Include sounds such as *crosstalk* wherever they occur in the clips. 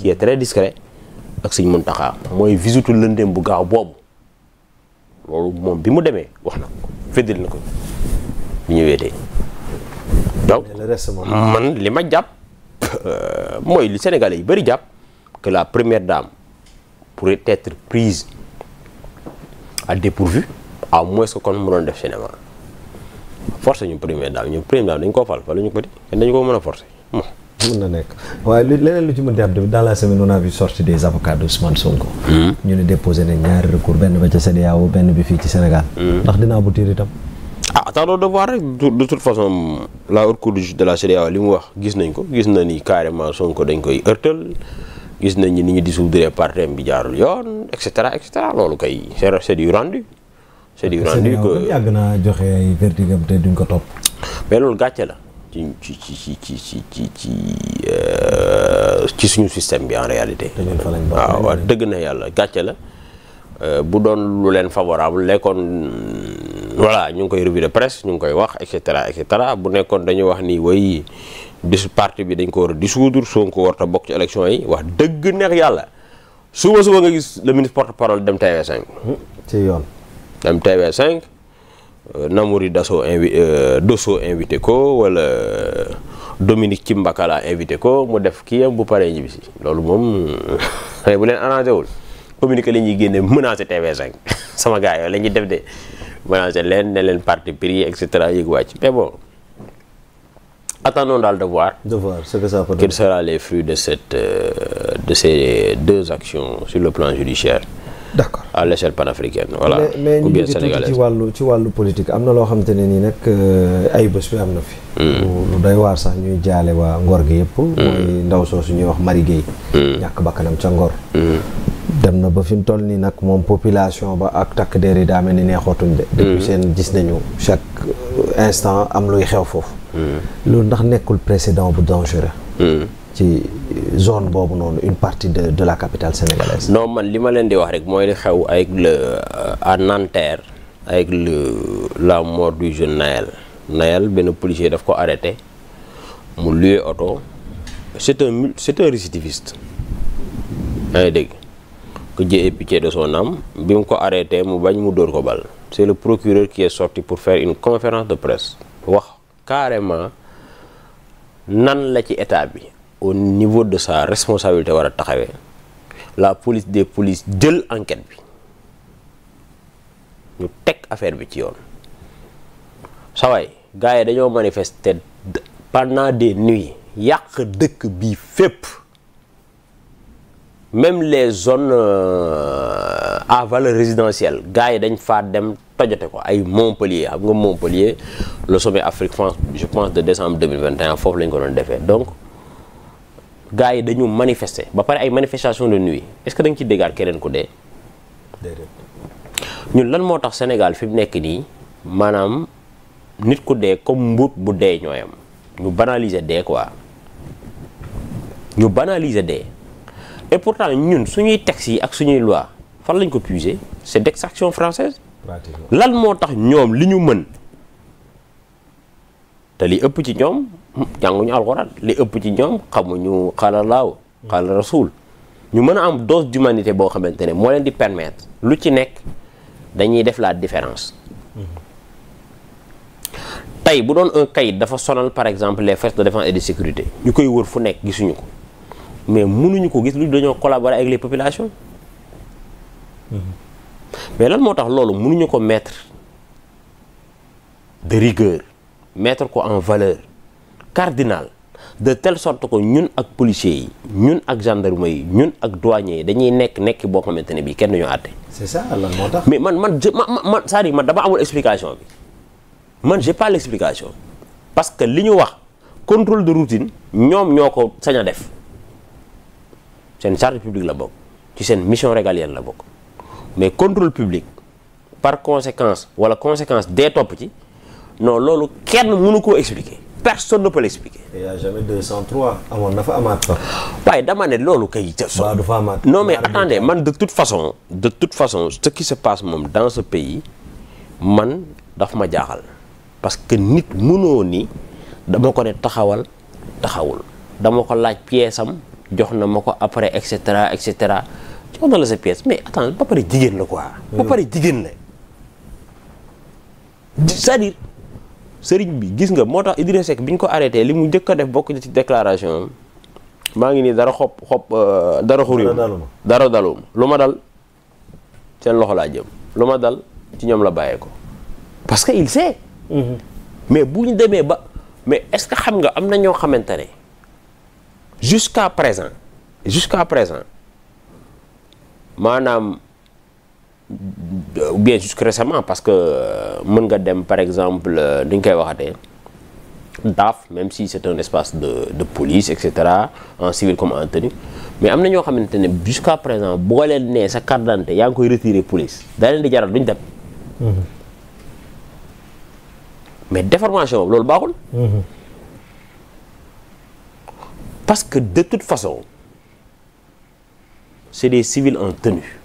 qui est très discret ak sëñ Muntaxa mooy visitu lëndëm bu gaaw boobu loolu moom bi mu demee wax na ko na ko bi ñu weetee donc man li ma jàpp euh, mooy li sénégalais yi bari jàpp que la première pour et tetre prise à dépourvu à moins que kon mu doon def cinéma force ñu première dame ñu première dame dañ koo fal fa la ñu ko di dañu ko mën a forcer mën na nekk waaye lu leneen lu ci mënti am tamit dans la semaine on a vu sortie des avocats de Ousmane hmm. ñu ne déposé nañ ñaari recours benn ba ca CEDEAO benn bi fii ci Sénégal. Hmm. ndax bu aboutir itam. ah attendons de voir rek de toute façon la haute cour de justice de la CEDEAO li mu wax gis nañ ko gis na ni carrément Sonko dañ koy ërtal gis nañ ni ñu dissoudre parti bi jaarul yoon et cetera et cetera loolu kay c'est du rendu. c'est du rendu que yàgg naa joxe ay verdict te ko topp. mais loolu gàcce la. ci ci ci ci ci ci ci ci euh, suñu système bi en réalité. waaw waaw dëgg na yàlla gàcce la euh, bu doon lu leen favorable lekkoon voilà ñu ngi koy revue de presse ñu ngi koy wax et cetera bu nekkoon dañu wax ni way dis parti bi dañ ko war a dissoudre Sonko warta bokk ci élection yi wax dëgg neex yàlla suba suba nga gis le ministre porte parole dem TV5. Hmm, yoon. dem TV5. Euh, Namouri Dasso invi euh, Dosso invité ko wala euh, Dominique Cimbakala invité ko mu def kii am bu paree ñibbi loolu moom *laughs* xëy bu leen arrangé wul communiqué la ñuy génne menacé TV5 *laughs* sama gars yooyu la ñuy def de menacé leen ne leen parti pris et cetera yëg wàcc mais bon attendons daal de voir. de voir ce que ça peut donner. quels les fruits de cette de ces deux actions sur le plan judiciaire. d'accord à l'échelle panafricaine voilà mais ñu ngi ci wàllu ci wàllu politique am na loo xamante ne ni nag euh, ay bés bi am na fi hmm. lu doy waar sax ñuy jaale waa ngor gi yëpp hmm. mooy ndaw soosu ñuy wax Marie Guèye hmm. ñàkk bakkanam ca ngor dem na ba fi mu toll nii nag moom population ba ak takk der yi daa mel ni neexootuñ de depuis seen gis nañu chaque euh, instant am luy xew foofu loolu ndax nekkul précédent bu dangereux ci zone boobu noonu une partie de de la capitale sénégalaise. non man li ma leen di wax rek mooy li xew avec le euh, à Nanterre avec la mort du jeune Nayel Nayel benn policier daf ko arrêté mu luye oto c'est un c'est un récidiviste ngi dégg que Dieu ait de son âme bi mu ko arrêté mu bañ mu dóor ko bal c'est le procureur qui est sorti pour faire une conférence de presse wax carrément nan la ci état bi. au niveau de sa responsabilité war a taxawee la police des polices jël enquête bi ñu teg affaire bi ci yoon sawaay gars yi dañoo manifester pendant des nuits yàq dëkk bi fépp même les zone euh, à valeur résidentielle gars yi dañ faa dem tojate ko ay Montpellier xam nga Montpellier le sommet Afrique France je pense de décembre 2021 foofu lañ ko doon defee donc gars yi dañu manifester ba pare ay manifestation de nuit est-ce que ci déggaat keneen ku dee. ñun lan moo tax Sénégal fi mu nekk nii maanaam nit ku dee comme mbuut bu dee ñooyam ñu banaliser dee quoi ñu banaliser dee et pourtant ñun suñuy textes yi ak suñuy loi fan lañ ko puiser c'est d'extraction française lan moo tax ñoom li ñu mën te li ëpp ci ñoom. jànguñu alxuraan li ëpp ci ñoom xamuñu xala laaw xala rasul ñu mën a am dose d'humanité boo xamante ne moo leen di permettre lu ci nekk dañuy def la différence tey bu doon un kayit dafa sonal par exemple les forces de défense et de sécurité ñu koy wër fu nekk gisuñu ko mais munuñu ko gis lu dañoo collaborer avec les populations mais lan moo tax loolu mënuñu ko mettre de rigueur mettre ko en valeur cardinal de telle sorte que ñun ak policiers yi ñun ak gendarmerie yi ñun ak douaniers yi dañuy nekk nekk boo xamante ne bii kenn duñu àtte. c'est ça moo tax. mais man man je ma man cest dama amul explication bi man j'ai pas l'explication parce que li ñu wax contrôle de routine ñoom ñoo ko sañ a def seen charge publique la bokk ci seen mission régalienne la bokk mais contrôle public par conséquence wala conséquence dee topp ci non loolu kenn mënu koo expliquer. personne ne peut l'expliquer. il y a fa amaat fa. waaye dama ne loolu kay. waaw du fa amaat non mais attendez man de toute façon. de toute façon te qui se passe moom dans ce pays man daf ma jaaxal parce que nit mënoo ni dama ko ne taxawal taxawul dama ko laaj pièce am jox na ma ko après et cetera et cetera jox na la sa pièce mais attends ba pare jigéen la quoi. ba pare jigéen la sëriñ bi gis nga moo tax Idrissa Seck bi ñu ko arrêté li mu jëkk a def bokk ci déclaration maa ngi nii dara xob xob euh, dara xuriw dara dalum lu ma dal seen loxo laa jëm lu ma dal ci ñoom la bàyyeeko parce que il sait mhm. mais bu ñu demee ba mais est-ce que xam nga am na ñoo xamante ne jusqu'à présent jusqu'à présent maanaam ou bien jusque récemment parce que euh, mën nga dem par exemple euh, nu ñu koy waxatee daaf même si c'est un espace de de police et cetera en civil comme en tenue mais am na ñoo xamante ne jusqu'à présent boo leen nee sa carte d'identité yaa ngi koy retirer police daa di jaral duñ dem. Mm-hmm. mais déformation loolu baaxul. Mm-hmm. parce que de toute façon c'est des civils un tenue.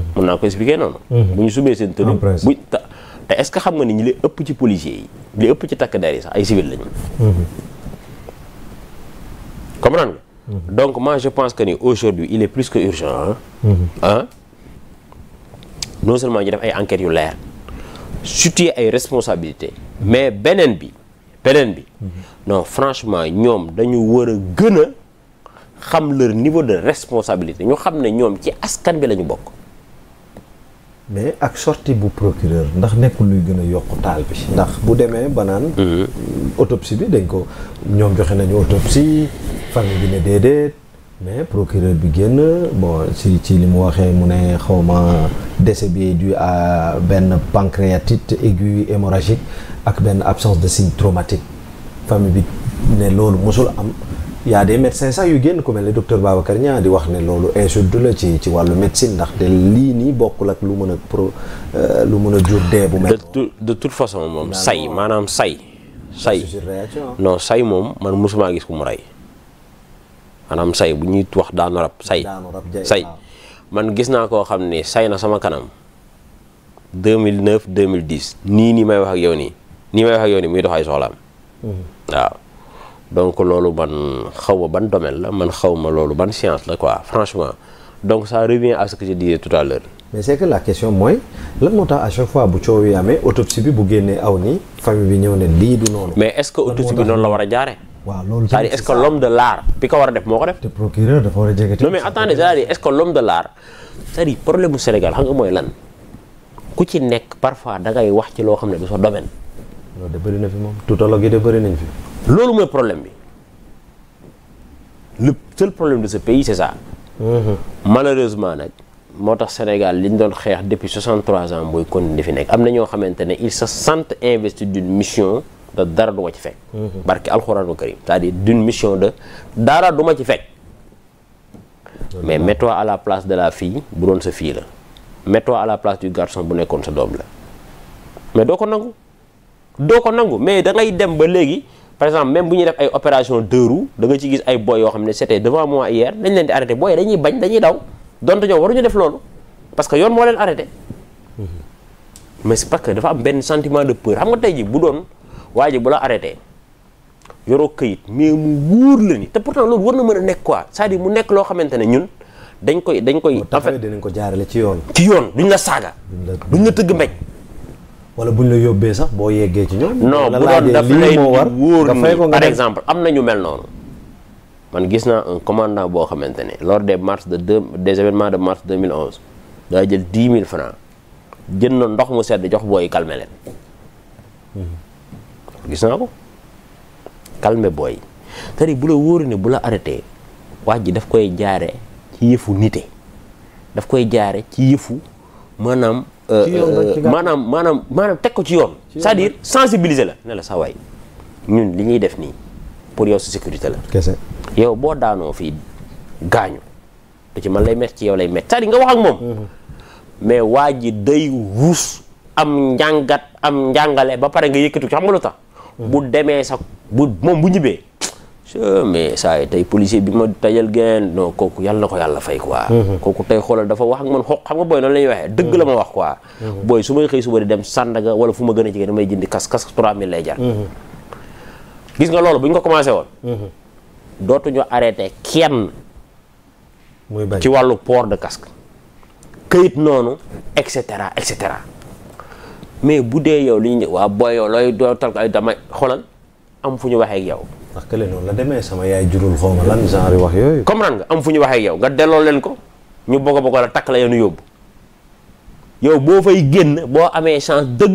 mun naa ko expliquer noonu. Mhm. bu ñu subee seen tënk. bu te est-ce que xam nga ni ñu li ëpp ci policiers yi li ëpp ci takk der yi sax ay civil lañu. Mhm. comprendre nga. Mhm. donc moi je pense que ni aujourd'hui il est plus que urgent ah. non seulement ñu def ay enquêtes yu leer situer ay responsabilités mais beneen bi beneen bi non franchement ñoom dañu war a gën a xam leur niveau de responsabilité ñu xam ne ñoom ci askan bi la ñu bokk. mais ak sorti bu procureur ndax nekkul luy gën a yokk taal bi. ndax bu demee ba naan. Mm-hmm. autopsie bi dañ ko ñoom joxe nañu autopsie famille bi ne déedéet mais procureur bi génn bo si ci li mu waxee mu ne xawma décès bi est dû à benn pancréatite aiguë hémorragique ak benn absence de signe traumatique famille bi ne loolu mosul am. yaa de des médecins sax yu génn ko mel ne docteur Babacar Niang di wax ne loolu insulte la ci ci wàllu médecine ndax te lii nii bokkul ak lu mën a pro euh, lu mën a jur dee bu mel. de toute façon moom say maanaam say. say non say moom man mosumaa gis ku mu rey maanaam say bu ñuy wax daanu rab say. say man gis naa koo xam ne say na sama kanam mille 2009 2010 nii nii may wax ak yow nii nii may wax ak yow nii muy dox ay soxlaam hmm. waaw. donc loolu man xaw ma ban domaine la man xaw loolu ban science la quoi franchement donc ça revient à ce que je disais tout à l'heure mais c'est la question mooy lan moo tax à chaque fois bu coow amee autopsie bi bu génnee aw nii famille bi ñëw ne lii du noonu. mais est-ce que bi noonu la war a jaaree. waaw loolu c'est-à-dire est-ce que l'homme de l'art bi ko war a def moo ko def. te a jege. non mais attendez c'est-à-dire est de l'art cest problème Sénégal xam nga mooy lan ku ci nekk parfois da ngay wax ci loo xam ne du sa domaine. loolu de bëri na fi moom tutologue yi bëri nañ fi. loolu mooy problème bi lu seul problème de ce pays c'est ça. Mhm. malheureusement nag moo tax Sénégal li ñu doon xeex depuis 63 ans mooy kon di fi nekk am na ñoo xamante ne ils se sentent investis d'une mission de dara du ci fekk. Mhm. barke alxuraanu karim c'est-à-dire d'une mission de dara du ci fekk. mais mets à la place de la fille bu doon sa fii la. mets-toi à la place du garçon bu nekkoon sa doom la mais doo ko nangu doo ko nangu mais da ba léegi. par exemple même bu ñuy def ay opération deux roues ci gis ay boy yoo xam ne c'était devant moi hier dañ leen di arrêté boy dañuy bañ dañuy daw donte ñoom ñu def loolu parce que yoon moo leen arrêté mm-hmm. mais parce que dafa am benn sentiment de peur xam nga tey ji bu doon waaj bu la arrêté yoroo kayit mais mu wóor la ni te pourtant loolu war na mën a nekk quoi cest à mu nekk loo xamante ne ñun dañ koy dañ koy en fait dinañ ko jaarale ci yoon ci yoon duñ la saaga duñ la tëgg mbéj wala bu ñu la yóbbee sax boo yeggee ci ñoom. no bu doon daf lay wóor ni par exemple am na ñu mel noonu. man gis naa un commandant boo xamante ne lors des mars de deux des événements de mars 2011 daa jël dix mille francs jënd na ndox mu sedd jox booy calmer leen. Hmm. gis naa ko calmer booy c'est-à-dire bu la wóor ne bu la arrêté wax ji daf koy jaare ci yëfu nite daf koy jaare ci yëfu maanaam. Euh, maanaam maanaam maanaam teg ko ci yoon c'est-à-dire sensibiliser la ne la sa waay ñun li ñuy def nii pour yow sa sécurité la kese yow boo daanoo fii gaañu da ci man lay met ci yow lay met cest à nga wax ak moom mhm. mais waa ji day ruus am njàngat am njàngale ba pare nga yëkkatu xam nga lu tax mhm. bu demee sa bu moom bu ñibbee mais saa yi tey policier bi ma tajal geen non kooku yàlla na ko yàlla fay quoi. Mhm. kooku tey xoolal dafa wax ak man xoq xam nga booy noonu la ñuy waxee. Mhm. dëgg la ma wax quoi. Mhm. booy su may xëy suba di dem Sandaga wala fu ma gën a jege damay jëndi kas kas 3000 lay gis nga loolu bu ñu ko woon. dootuñu arrêté kenn. muy ci wàllu port de casque. këyit noonu et cetera et cetera mais bu dee yow li ñu waa booy yow looy dootal ay damay xoolal am fu ñu waxee ak yow. ndax kële noonu la demee sama yaay jurul xaw ma lan genre wax yooyu. comprendre nga am fu ñu waxee ak yow nga delloo ko ñu bokk a bokk la takk la yenu yóbbu boo fay génn boo amee chance dëgg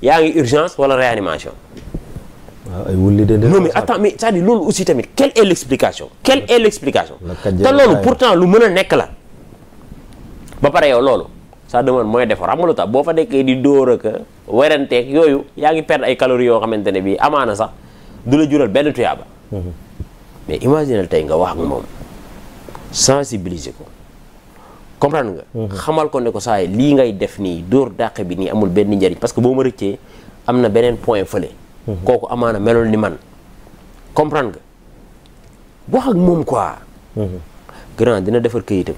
ngi urgence wala réanimation. waaw ay wulli de non mais attends mais cest à loolu aussi tamit quelle est l'explication quelle est l'explication te loolu pourtant lu mën a nekk la ba pare yow loolu ça demande mooy defar xam nga lu tax boo fa nekkee di dóor ak weranteeg yooyu yaa ngi perdre ay calories yoo xamante ne bii amaana sax du la jural benn tuyaaba. Mhm. mais imaginal tey nga wax ak moom sensibiliser ko comprendre nga. Mhm. xamal ko ne ko saa yi lii ngay def nii dóor dàq bi nii amul benn njariñ parce que boo ma rëccee am na beneen point fële. Mhm. kooku amaana melool ni man comprendre nga wax ak moom quoi. grand dina defar këyitam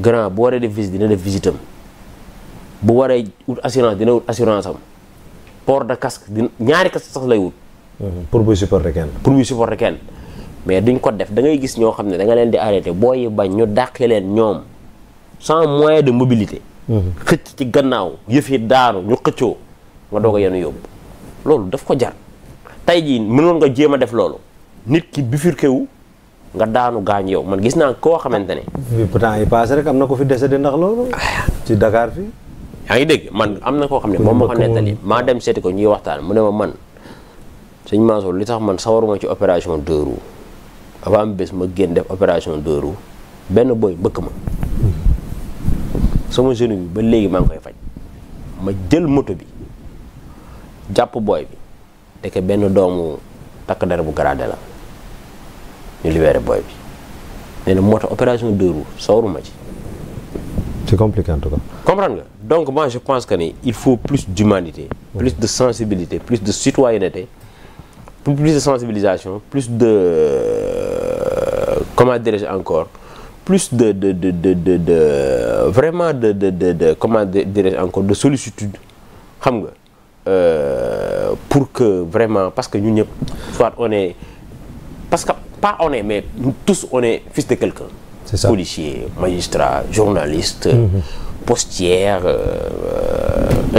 grand bu waree def visite dina def visitam bu waree ut assurance dina ut assurance am. port de casque di ñaari casque sax lay wut. Mhm. pour buy supporter kenn. pour buy supporter kenn mais duñ ko def da ngay gis ñoo xam ne danga leen di arrêté booy yi bañ ñu dàqe leen ñoom sans moyen de mobilité. Mhm. xëcc ci gannaaw yëf yi daanu ñu xëccoo nga doog a yenu yóbbu loolu daf ko jar tey jii mënoon nga jéem a def loolu nit ki bifurqué wu nga daanu gaañ yow man gis naa koo xamante ne. pourtant ay paase rek am na ko fi décédé ndax loolu. Ah. ci Dakar fii. yaa ngi dégg man am na koo xam ne moom ma ko nettali maa dem seeti ko ñuy waxtaan mu ne ma man sëñ Mansour li tax man sawaruma ci opération deux roues avant am bés ma génn def opération deux benn boy bëkk ma sama genou bi ba léegi maa ngi koy faj ma jël moto bi jàpp booy bi benn doomu takk dara bu garaade la ñu libéré booy bi nee moo tax opération deux roues sawaruma ci c'est compliqué en tout cas. comprendre nga donc moi je pense que ni il faut plus d'humanité. plus de sensibilité plus de citoyenneté. plus de sensibilisation plus de comment dirais-je encore plus de de de de de, de vraiment de de de de comment dirais-je encore de sollicitude xam nga euh, pour que vraiment parce que ñun ñëpp soit on est parce que pas on est mais tous on est fils de quelqu'un policiers magistrats journalistes. Mm-hmm. postière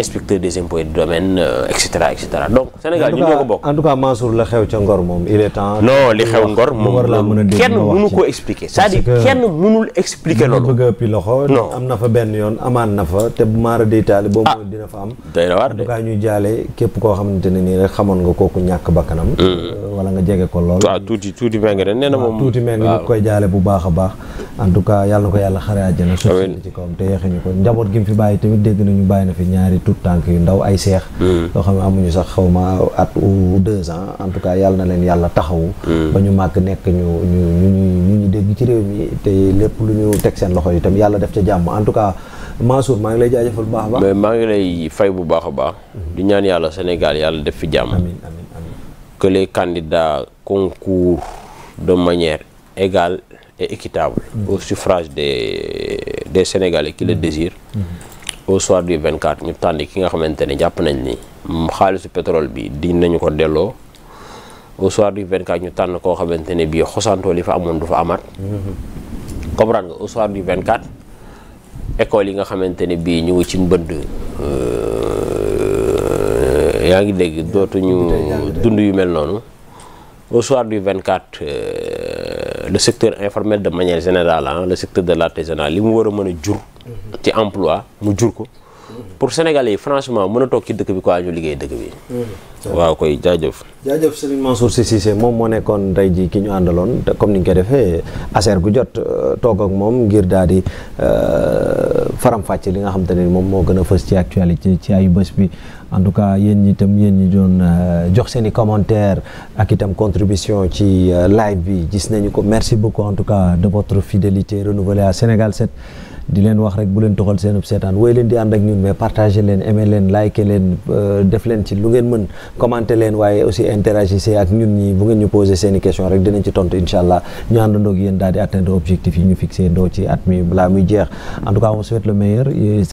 inspecteur euh, euh, des impôts et du domaine euh, et cetera et cetera donc. Sénégal ñu ñoo ko bokk en tout la xew ca Ngor moom il est temps. non li xew Ngor moom kenn mënu ko expliquer. c'est-à-dire kenn mënul expliquer loolu. bëgg a loxo. non am na fa benn yoon amaan na fa te bu maara deytaale. boobu ah. mooy dina am. day na waar de en képp koo xamante ne nii xamoon nga kooku ñàkk bakkanam. Mm. wala nga jege ko lool. waaw tuuti tuuti meng de nee moom. tuuti meng ñu koy jaale bu baax a baax. en tout cas yàlla ko yàlla xare àjjana suuf ci kawam te yeexe ñu ko njaboot gi mu fi bàyyi tamit dégg nañu bàyyi na fi ñaari tout tànk yu ndaw ay seex hmm. yoo xam ne amuñu sax xaw ma at ou deux ans en tout cas yàlla na leen yàlla taxaw hmm. ba ñu màgg nekk ñu ñu ñu dégg ci réew mi te lépp lu ñu teg seen loxo yi tam yàlla def ci jàmm en tout cas Mansour maa ngi lay jaajëfal bu baax baax mais maa ngi lay fay bu baax a baax hmm. du ñaan yàlla Sénégal yàlla def fi jàmm amiin amiin amiin que et équitable mmh. au des des Sénégalais qui le mm-hmm. désirent mm-hmm. au soir du 24 ñu tànn ki nga xamante ne jàpp nañ ni xaalisu pétrole bi di nañu ko delloo au soir du 24 ñu tànn koo xamante ne bii xosantoo yi fa amoon du fa amaat mm-hmm. comprendre nga au soir du 24 école yi nga xamante ne bii ñu ngi ci mbënd euh, yaa ngi dégg dootuñu dund yu mel noonu au soir du 24 le secteur informel de manière générale ah le secteur de l'artisanat li mu war a mën a jur. ci emploi mu jur ko. pour sénégal yi franchement mën a toog ci dëkk bi quoi ñu liggéey dëkk bi. Mm-hmm. waaw koy jaajëf. jaajëf Serigne Mansour Sy Cissé moom moo nekkoon tey jii ki ñu àndaloon te comme ni ñu koy defee aser bu jot euh, toog ak moom ngir daal di euh, faram-fàcce li nga xam te ne moom moo gën a fës ci actualité ci ayu bés bi. en tout cas yéen ñi itam yéen ñi doon euh, jox seeni i commentaire ak itam contribution ci euh, live bi gis nañu ko merci beaucoup en tout cas de votre fidélité renouvelée à Sénégal 7 di leen wax rek bu leen toxal seen seetaan wooy leen di ànd ak ñun mais partage leen aimé leen liké leen euh, def leen ci lu ngeen mën commenté leen waaye aussi interagissez ak ñun ñi bu ngeen ñu posé seen i question rek dinañ ci tontu incha allah ñu àndandoo ak yéen daal di atteindre objectif yi ñu fixé ndoo ci at mi jeex en tout cas